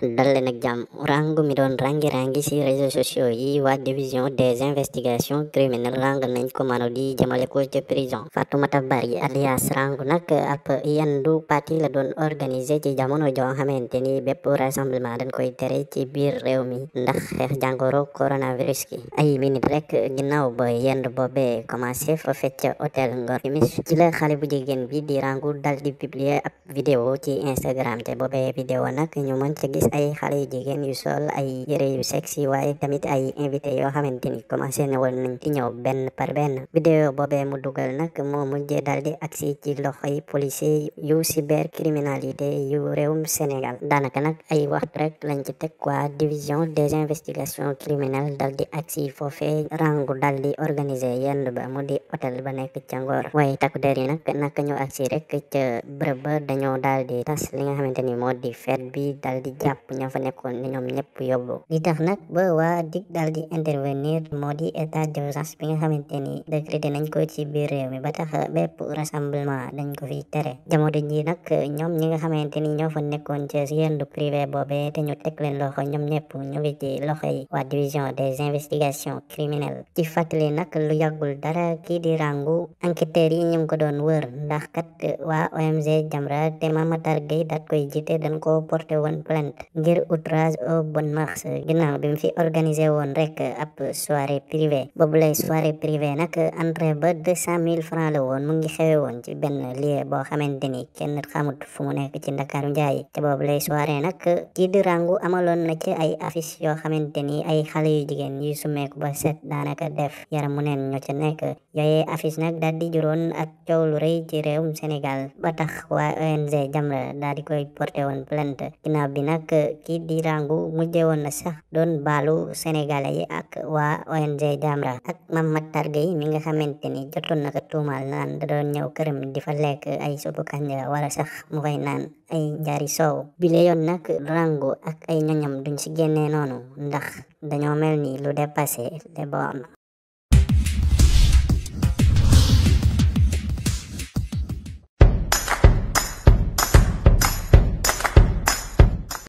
dal leen ak jàmm rangu mi doon rangi-rangi ci réseaux sociaux yi waa division des investigations criminelles rang nañ commando di jëmale ko ca prison Fatoumata Bari alias rangu nag ab yendu parti la doon organisé ci jamono joo xamante ni bépp rassemblement dañ koy tere ci biir réew mi ndax xeex coronavirus ki ay minute rek ginnaaw ba yendu boobee commencé foofe ca hôtel Ngor timis ci la xale bu jigéen bi di rangu dal di publier ab vidéo ci Instagram te boobee vidéo nag ñu mën ci gis ay xale yu jigéen waaye tamit ay invité yoo xamante ni commencé na woon nañ ci ñëw benn par benn vidéo boobee mu dugal nag moo mujjee daal di ci loxoy policier yu cybercriminalité yu réewum Sénégal daanaka ay waxtu rek lañ ci teg quoi division des investigations criminelles dal di agsi foofee rangu dal di ba mu di hôtel ba nekk ca Ngor waaye takku der yi nag naka rek ca bërëb ba dañoo daal di tas li nga xamante ni moo di fête bi dal di jàpp ña fa nekkoon ñoom ñëpp yóbbu li tax nag ba waa dig daal di intervenir moo di état d'urgence bi nga xamante ni décrété nañ ko ci biir réew mi ba tax bépp rassemblement dañ ko fi tere jamono ji nag ñoom ñi nga xamante ni ñoo fa nekkoon ci yendu privé boobee te ñu teg leen loxo ñoom ñëpp ñu ngi ci loxo yi waa division des investigations criminelles ci fàttali nag lu yàggul dara kii di rangu enquêteurs yi ñu ngi ko doon wër ndax kat waa ONG Jamra te Mamatar Gueye daat koy jiite dañ ko porté woon plainte ngir outrage au bonne marche ginnaaw bi mu fi organisé woon rek ab soirée privée boobu lay soirée privée nag entrée ba deux cent mille woon mu ngi xewe woon ci benn lieu boo xamante ni kenn xamut fu mu nekk ci ndakaaru njaay te boobu lay soirée nag kii di rangu amaloon na ci ay affiche yoo xamante ni ay xale yu jigéen yu sumeeku ba set daanaka def yaram mu neen ñoo ca nekk yooyee affiche nag daal di juróon ak coow lu rëy ci réewum Sénégal ba tax waa ONG Jamra daal di koy porté woon plainte ki di rangu mujje woon na sax doon baalu sénégalais yi ak waa ONG Jamra ak Mame Mactar Gueye mi nga xamante ni jotoon na ko tuumaal naan da doon ñëw këram di fa lekk ay suppu kanja wala sax mu fay naan ay njaari soow bile na nag rangu ak ay ñoñam duñ si génnee noonu ndax dañoo ni lu dépassé les bornes